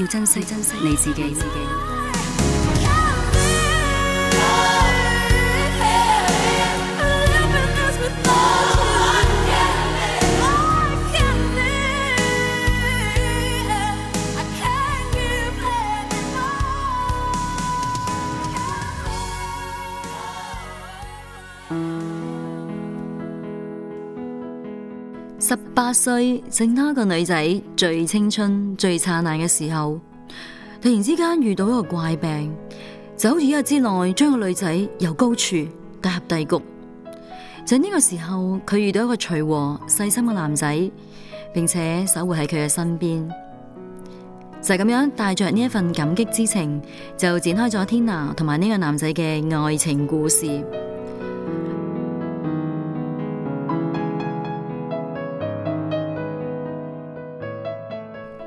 要珍惜珍惜你自己。八歲正當個女仔最青春、最燦爛嘅時候，突然之間遇到一個怪病，就好似一日之內將個女仔由高處打入低谷。就呢個時候，佢遇到一個隨和、細心嘅男仔，並且守護喺佢嘅身邊。就咁樣，帶着呢一份感激之情，就展開咗天娜同埋呢個男仔嘅愛情故事。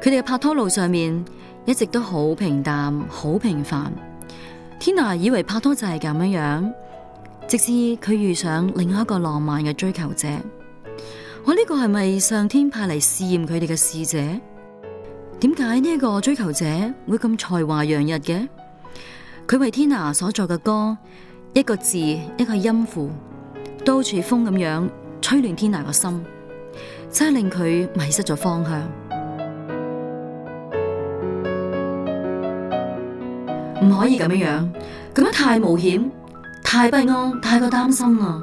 佢哋嘅拍拖路上面一直都好平淡、好平凡。天娜以為拍拖就係咁樣樣，直至佢遇上另一個浪漫嘅追求者。我呢個係咪上天派嚟試驗佢哋嘅使者？點解呢一個追求者會咁才華洋溢嘅？佢為天娜所作嘅歌，一個字一個音符，都好似風咁樣吹亂天娜個心，真係令佢迷失咗方向。唔可以咁樣樣，咁樣太冒險、太不安、太過擔心啦！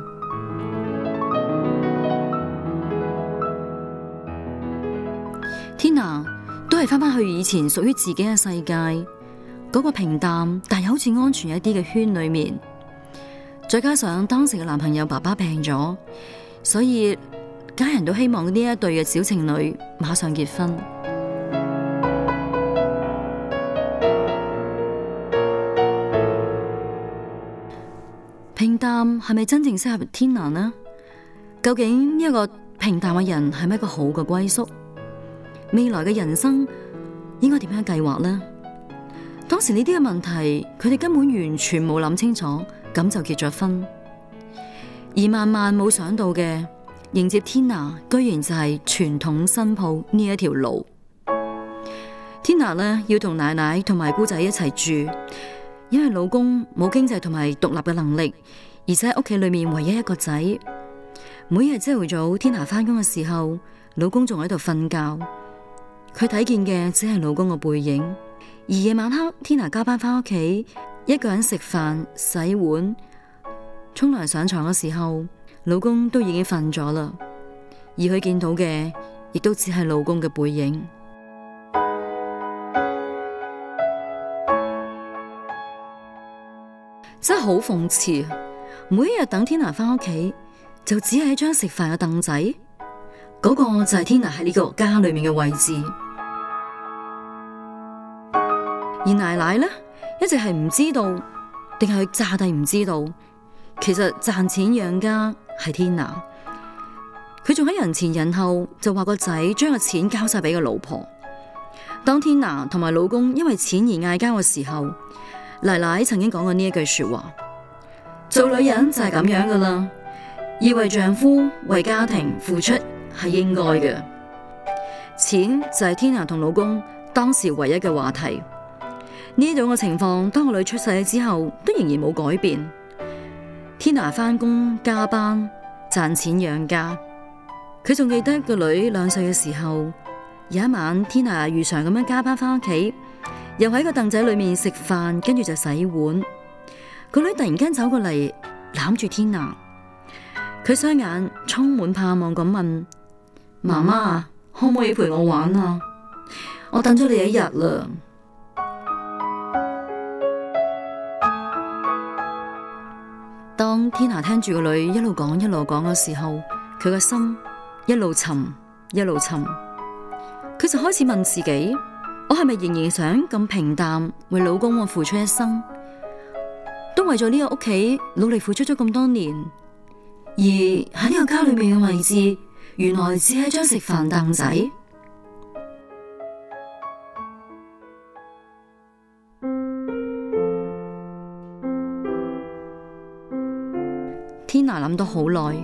天啊，都係翻返去以前屬於自己嘅世界，嗰個平淡但又好似安全一啲嘅圈裏面。再加上當時嘅男朋友爸爸病咗，所以家人都希望呢一對嘅小情侶馬上結婚。但係咪真正適合天娜呢？究竟呢一個平淡嘅人係咪一個好嘅歸宿？未來嘅人生應該點樣計劃呢？當時呢啲嘅問題，佢哋根本完全冇諗清楚，咁就結咗婚。而萬萬冇想到嘅，迎接天娜居然就係傳統新抱呢一條路。天娜咧要同奶奶同埋姑仔一齊住，因為老公冇經濟同埋獨立嘅能力。而且屋企裏面，唯一一個仔，每日朝早，天霞翻工嘅時候，老公仲喺度瞓覺，佢睇見嘅只係老公嘅背影；而夜晚黑，天霞加班翻屋企，一個人食飯、洗碗、沖涼、上床嘅時候，老公都已經瞓咗啦，而佢見到嘅亦都只係老公嘅背影，真係好諷刺。每一日等天拿返屋企，就只係一張食飯嘅凳仔，嗰、嗰個就係天拿喺呢個家裏面嘅位置。而奶奶呢，一直係唔知道，定係佢詐諦唔知道。其實賺錢養家係天拿，佢仲喺人前人後就話個仔將個錢交晒俾個老婆。當天拿同埋老公因為錢而嗌交嘅時候，奶奶曾經講過呢一句說話。做女人就係咁樣噶啦，以為丈夫為家庭付出係應該嘅，錢就係天娜同老公當時唯一嘅話題。呢種嘅情況，當個女出世之後，都仍然冇改變。天娜翻工，加班賺錢養家，佢仲記得一個女兩歲嘅時候，有一晚天娜如常咁樣加班翻屋企，又喺個凳仔裏面食飯，跟住就洗碗。個女突然間走過嚟攬住天娜，佢雙眼充滿盼望咁問：媽媽媽可唔可以陪我玩啊？我等咗你一日啦！當天娜聽住個女一路講一路講嘅時候，佢個心一路沉一路沉，佢就開始問自己：我係咪仍然想咁平淡為老公我付出一生？為咗呢個屋企，努力付出咗咁多年，而喺呢個家裏面嘅位置，原來只係張食飯凳仔。天娜諗咗好耐，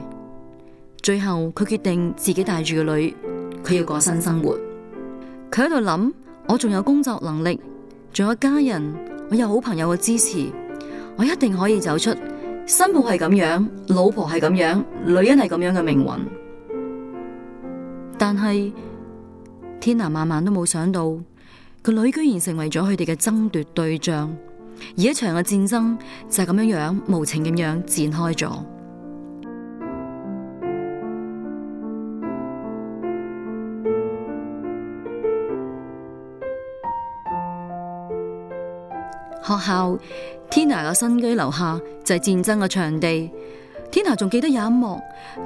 最後佢決定自己帶住個女，佢要過新生活。佢喺度諗，我仲有工作能力，仲有家人，我有好朋友嘅支持。我一定可以走出新抱係咁樣，老婆係咁樣，女人係咁樣嘅命運。但係天啊，萬萬都冇想到，個女居然成為咗佢哋嘅爭奪對象，而一場嘅戰爭就係咁樣樣無情咁樣展開咗。學校，Tina 嘅新居樓下就係戰爭嘅場地。Tina 仲記得有一幕，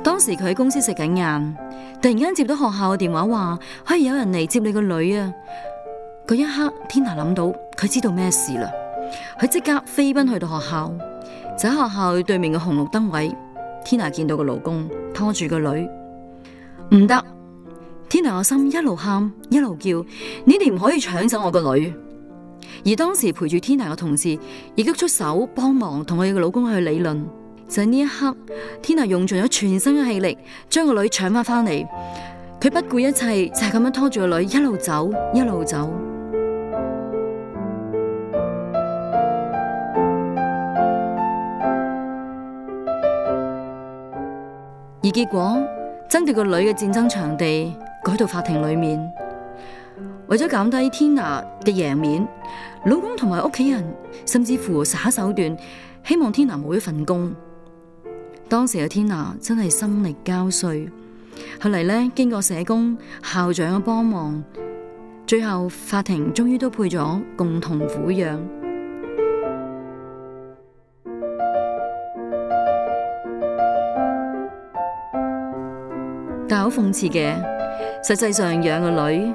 當時佢喺公司食緊晏，突然間接到學校嘅電話，話，可以有人嚟接你個女啊！嗰一刻，Tina 諗到佢知道咩事啦，佢即刻飛奔去到學校，就喺學校對面嘅紅綠燈位，Tina 見到個老公拖住個女，唔得！Tina 嘅心一路喊一路叫，你哋唔可以搶走我個女！而當時陪住天娜嘅同事亦都出手幫忙，同佢嘅老公去理論。就喺呢一刻， 天娜用盡咗全身嘅氣力，將個女搶翻翻嚟。佢不顧一切，就係咁樣拖住個女一路走，一路走。 而結果，爭奪個女嘅戰爭場地改到法庭裏面。為咗減低天娜嘅贏面，老公同埋屋企人甚至乎耍手段，希望天娜冇一份工。當時嘅天娜真係心力交瘁。後嚟咧，經過社工、校長嘅幫忙，最後法庭終於都配咗共同撫養。但好諷刺嘅，實際上養個女。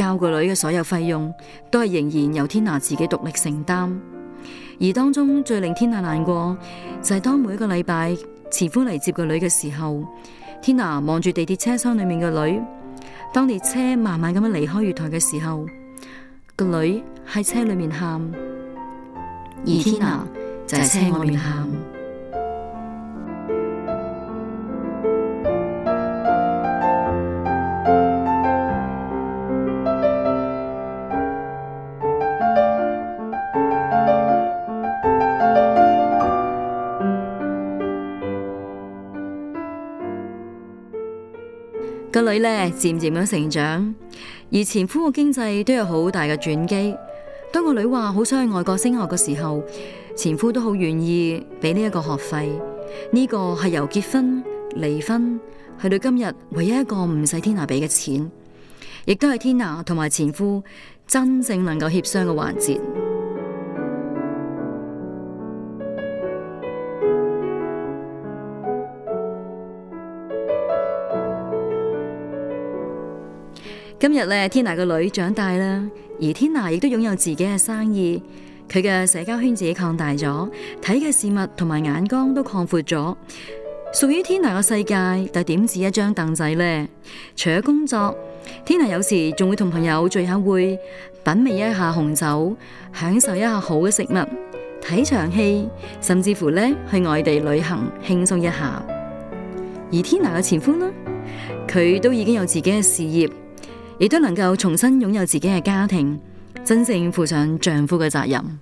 教個女嘅所有費用都係仍然由天娜自己獨力承擔，而當中最令天娜難過就係、是、當每一個禮拜慈夫嚟接個女嘅時候，天娜望住地鐵車廂裏面嘅女，當列車慢慢咁樣離開月台嘅時候，個女喺車裏面喊，而天娜就喺車外面喊。個女咧漸漸咁成長，而前夫嘅經濟都有好大嘅轉機。當個女話好想去外國升學嘅時候，前夫都好願意俾呢一個學費。呢、這個係由結婚離婚去到今日唯一一個唔使天娜俾嘅錢，亦都係天娜同埋前夫真正能夠協商嘅環節。今日咧，天娜個女長大啦，而天娜亦都擁有自己嘅生意。佢嘅社交圈子擴大咗，睇嘅事物同埋眼光都擴闊咗。屬於天娜嘅世界，但係點止一張凳仔咧？除咗工作，天娜有時仲會同朋友聚下會，品味一下紅酒，享受一下好嘅食物，睇場戲，甚至乎咧，去外地旅行，輕鬆一下。而天娜嘅前夫呢，佢都已經有自己嘅事業。亦都能夠重新擁有自己嘅家庭，真正負上丈夫嘅責任。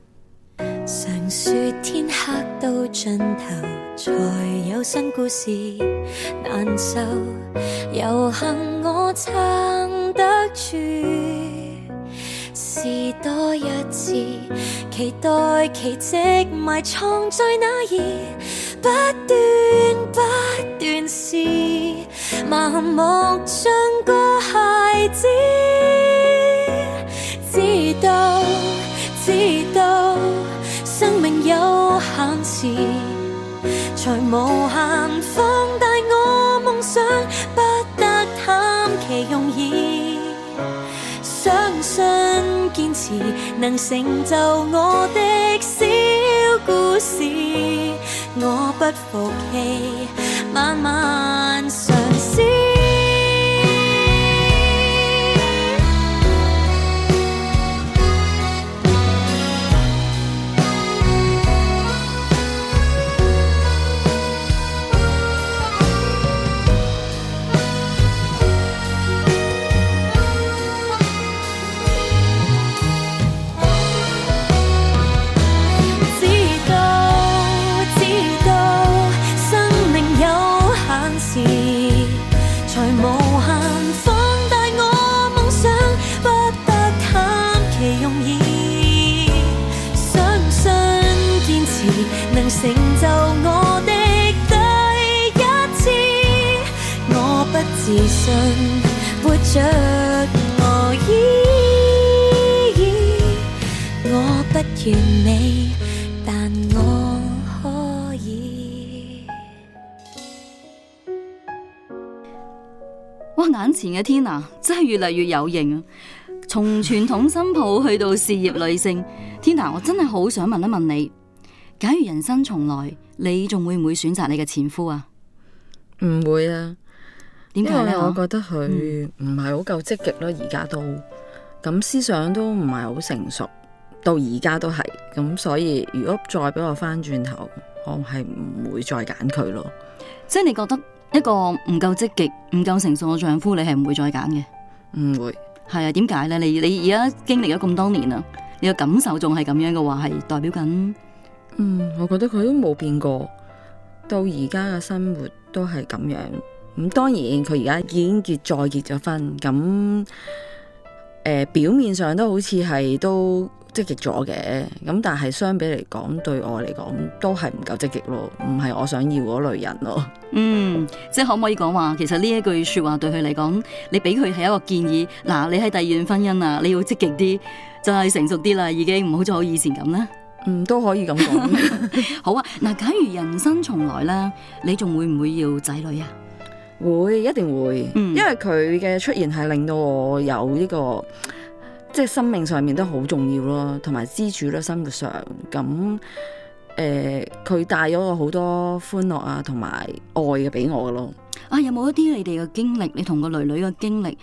常說天黑到盡頭，才有新故事。難受， 我撐得住。自多一次，期待奇迹埋藏在哪兒。不斷不斷是盲目像個孩子，知道知道生命有限時，才無限放大我夢想，不得貪其容易。相信堅持能成就我的小故事，我不服氣，慢慢想。完美，但我可以。哇！眼前嘅天娜，真係越嚟越有型啊！從傳統新抱去到事業女性，天娜，我真係好想問一問你：假如人生重來，你仲會唔會選擇你嘅前夫啊？唔會啊。點解咧？我覺得佢唔係好夠積極咯，而家都咁思想都唔係好成熟。到而家都係咁，所以如果再俾我翻轉頭，我係唔會再揀佢咯。即係你覺得一個唔夠積極、唔夠成熟嘅丈夫，你係唔會再揀嘅？唔會。係啊，點解呢？你你而家經歷咗咁多年啦，你嘅感受仲係咁樣嘅話，係代表緊？嗯，我覺得佢都冇變過，到而家嘅生活都係咁樣。咁當然，佢而家已經結再結咗婚，咁誒、呃，表面上都好似係都。積極咗嘅，咁但係相比嚟講，對我嚟講都係唔夠積極咯，唔係我想要嗰類人咯。嗯，即係可唔可以講話，其實呢一句說話對佢嚟講，你俾佢係一個建議，嗱，你喺第二段婚姻啊，你要積極啲，就係、是、成熟啲啦，已經唔好再好似以前咁啦。嗯，都可以咁講。 好啊，嗱，假如人生重來啦，你仲會唔會要仔女啊？會，一定會，嗯、因為佢嘅出現係令到我有呢、這個。即係生命上面都好重要咯，同埋支柱咯，生活上咁誒，佢帶咗我好多歡樂啊，同埋愛嘅俾我噶咯。啊，有冇一啲你哋嘅經歷，你同個女女嘅經歷，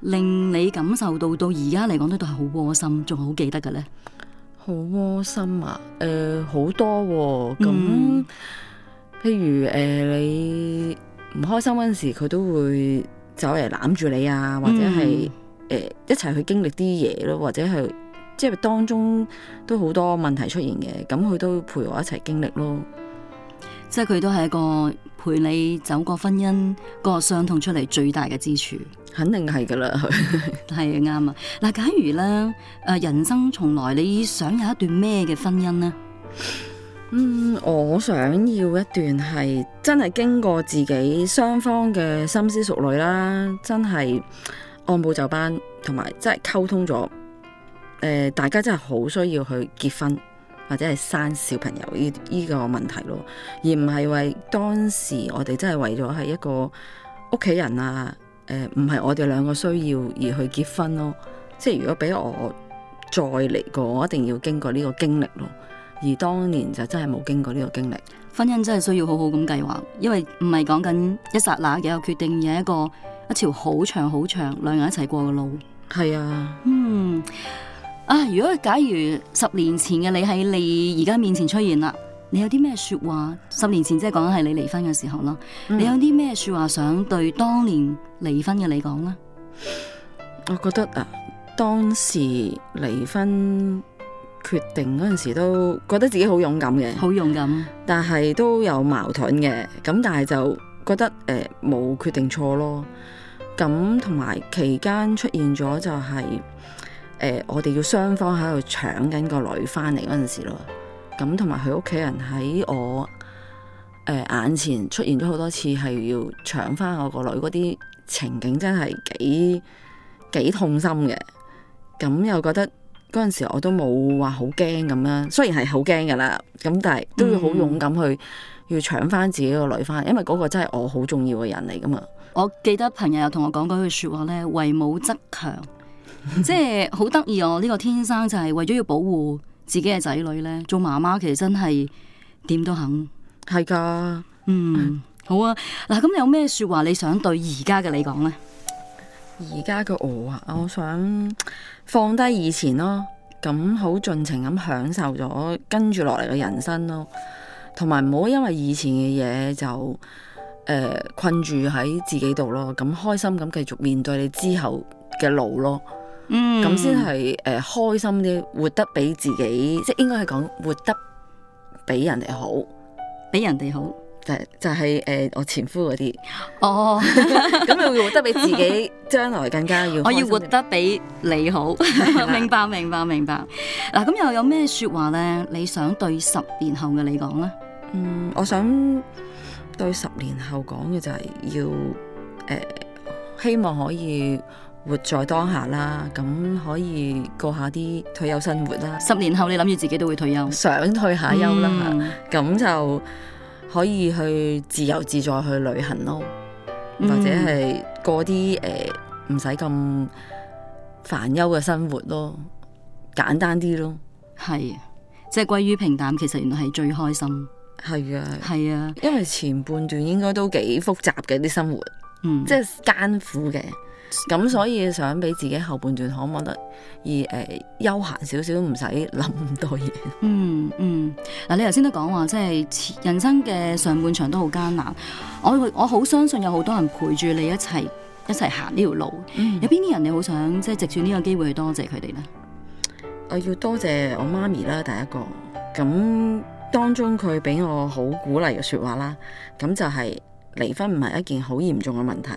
令你感受到到而家嚟講都都係好窩心，仲係好記得嘅咧？好窩心啊！誒、呃，好多咁、啊，嗯、譬如誒、呃，你唔開心嗰時，佢都會走嚟攬住你啊，或者係。嗯誒，一齊去經歷啲嘢咯，或者係即係當中都好多問題出現嘅，咁佢都陪我一齊經歷咯。即係佢都係一個陪你走過婚姻個傷痛出嚟最大嘅支柱，肯定係噶啦，係啊啱啊。嗱，假如咧誒，人生從來你想有一段咩嘅婚姻呢？嗯，我想要一段係真係經過自己雙方嘅深思熟慮啦，真係。按部就班，同埋即係溝通咗，誒、呃，大家真係好需要去結婚或者係生小朋友呢呢個問題咯，而唔係為當時我哋真係為咗係一個屋企人啊，誒、呃，唔係我哋兩個需要而去結婚咯，即係如果俾我再嚟過，我一定要經過呢個經歷咯，而當年就真係冇經過呢個經歷。婚姻真係需要好好咁計劃，因為唔係講緊一剎那嘅個決定，有一個。一條好長好長，兩人一齊過嘅路，係啊，嗯，啊，如果假如十年前嘅你喺你而家面前出現啦，你有啲咩說話？十年前即係講緊係你離婚嘅時候咯，嗯、你有啲咩說話想對當年離婚嘅你講呢？我覺得啊，當時離婚決定嗰陣時，都覺得自己好勇敢嘅，好勇敢，但係都有矛盾嘅，咁但係就。覺得誒冇、呃、決定錯咯，咁同埋期間出現咗就係、是、誒、呃、我哋要雙方喺度搶緊個女翻嚟嗰陣時咯，咁同埋佢屋企人喺我誒、呃、眼前出現咗好多次係要搶翻我個女嗰啲情景真係幾幾痛心嘅，咁又覺得嗰陣時我都冇話好驚咁樣，雖然係好驚噶啦，咁但係都要好勇敢去。嗯要搶翻自己個女翻，因為嗰個真係我好重要嘅人嚟噶嘛。我記得朋友有同我講嗰句說話咧，為母則強， 即係好得意哦。呢、呢個天生就係為咗要保護自己嘅仔女咧，做媽媽其實真係點都肯係噶。的嗯，嗯，好啊。嗱，咁有咩說話你想對而家嘅你講呢？而家嘅我啊，我想放低以前咯，咁好盡情咁享受咗跟住落嚟嘅人生咯。同埋唔好因為以前嘅嘢就誒、呃、困住喺自己度咯，咁開心咁繼續面對你之後嘅路咯，嗯，咁先係誒開心啲，活得比自己，即係應該係講活得比人哋好，比人哋好，就就係、是、誒、呃、我前夫嗰啲哦，咁你 會活得比自己將 來更加要，我要活得比你好，明白明白明白，嗱咁又有咩說話咧？你想對十年後嘅你講咧？嗯，我想對十年後講嘅就係要誒、呃，希望可以活在當下啦，咁可以過下啲退休生活啦。十年後你諗住自己都會退休，想退下休啦，咁、嗯啊、就可以去自由自在去旅行咯，嗯、或者係過啲誒唔使咁煩憂嘅生活咯，簡單啲咯，係，即係歸於平淡，其實原來係最開心。係啊，係啊，因為前半段應該都幾複雜嘅啲生活，嗯，即係艱苦嘅，咁、嗯、所以想俾自己後半段可唔可以得而誒、呃、悠閒少少，唔使諗咁多嘢、嗯。嗯嗯，嗱，你頭先都講話即係人生嘅上半場都好艱難，我我好相信有好多人陪住你一齊一齊行呢條路，嗯、有邊啲人你好想即係藉住呢個機會去多謝佢哋呢？我要多謝我媽咪啦，第一個咁。當中佢俾我好鼓勵嘅說話啦，咁就係離婚唔係一件好嚴重嘅問題，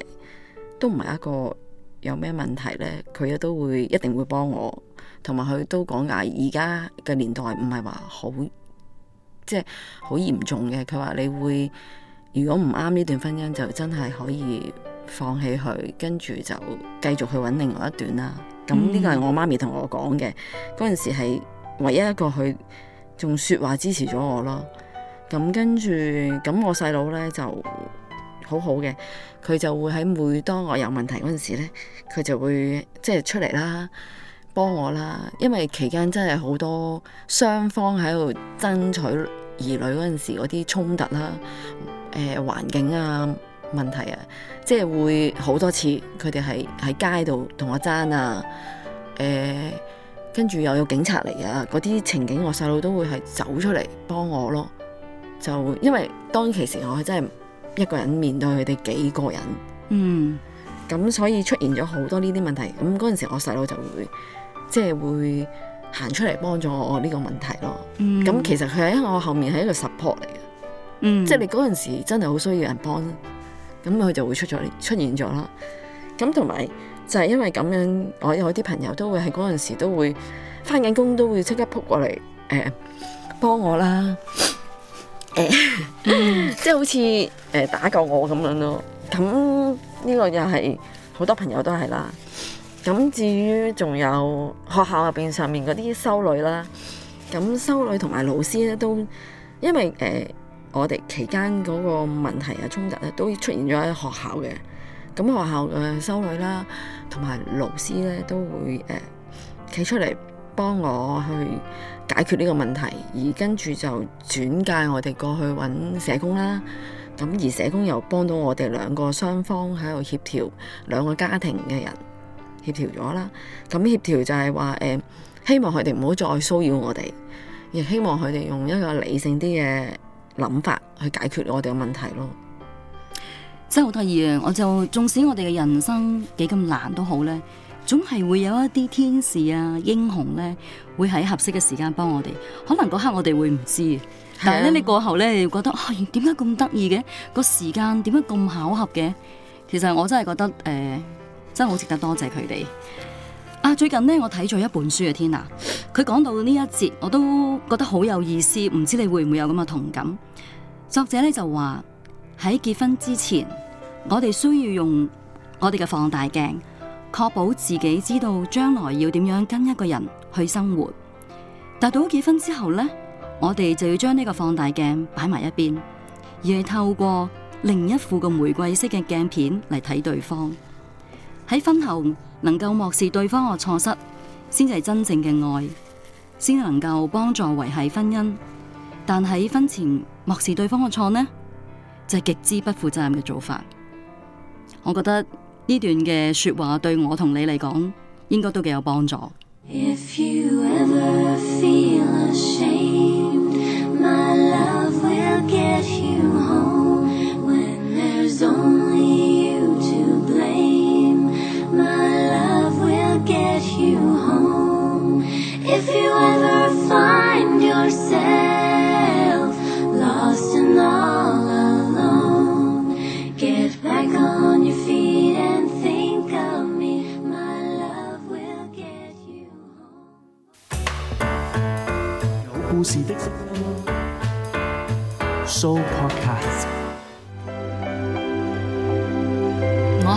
都唔係一個有咩問題呢，佢都會一定會幫我，同埋佢都講啊，而家嘅年代唔係話好即係好嚴重嘅，佢話你會如果唔啱呢段婚姻就真係可以放棄佢，跟住就繼續去揾另外一段啦。咁呢個係我媽咪同我講嘅，嗰陣、嗯、時係唯一一個佢。用説話支持咗我咯，咁跟住咁我細佬咧就好好嘅，佢就會喺每當我有問題嗰陣時咧，佢就會即係、就是、出嚟啦，幫我啦。因為期間真係好多雙方喺度爭取兒女嗰陣時嗰啲衝突啦，誒、呃、環境啊問題啊，即、就、係、是、會好多次佢哋係喺街度同我爭啊，誒、呃。跟住又有警察嚟啊！嗰啲情景我細佬都會係走出嚟幫我咯，就因為當其時我係真係一個人面對佢哋幾個人，嗯，咁所以出現咗好多呢啲問題。咁嗰陣時我細佬就會即係、就是、會行出嚟幫咗我呢個問題咯。咁、嗯、其實佢喺我後面係一個 support 嚟嘅，嗯、即係你嗰陣時真係好需要人幫，咁佢就會出咗出現咗啦。咁同埋。就係因為咁樣，我有啲朋友都會喺嗰陣時都會翻緊工，都會即刻撲過嚟誒、呃、幫我啦，誒即係好似誒、呃、打救我咁樣咯。咁呢、呢個又係好多朋友都係啦。咁至於仲有學校入邊上面嗰啲修女啦，咁修女同埋老師咧都因為誒、呃、我哋期間嗰個問題啊，衝突咧、啊、都出現咗喺學校嘅。咁學校嘅修女啦，同埋老師咧都會誒企、呃、出嚟幫我去解決呢個問題，而跟住就轉介我哋過去揾社工啦。咁而社工又幫到我哋兩個雙方喺度協調，兩個家庭嘅人協調咗啦。咁協調就係話誒，希望佢哋唔好再騷擾我哋，亦希望佢哋用一個理性啲嘅諗法去解決我哋嘅問題咯。真係好得意啊！我就縱使我哋嘅人生幾咁難都好咧，總係會有一啲天使啊、英雄咧，會喺合適嘅時間幫我哋。可能嗰刻我哋會唔知，但係咧是的 你過後咧又覺得啊，點解咁得意嘅？個時間點解咁巧合嘅？其實我真係覺得誒、呃，真係好值得多謝佢哋啊！最近呢，我睇咗一本書啊，天啊，佢講到呢一節，我都覺得好有意思。唔知你會唔會有咁嘅同感？作者咧就話喺結婚之前。我哋需要用我哋嘅放大鏡，確保自己知道將來要點樣跟一個人去生活。達到結婚之後呢，我哋就要將呢個放大鏡擺埋一邊，而係透過另一副嘅玫瑰色嘅鏡片嚟睇對方。喺婚後能夠漠視對方嘅錯失，先至係真正嘅愛，先能夠幫助維繫婚姻。但喺婚前漠視對方嘅錯呢，就係極之不負責任嘅做法。我覺得呢段嘅説話對我同你嚟講，應該都幾有幫助。If you ever feel ashamed, my love will get you home. When there's only you to blame, my love will get you home. If you ever find yourself,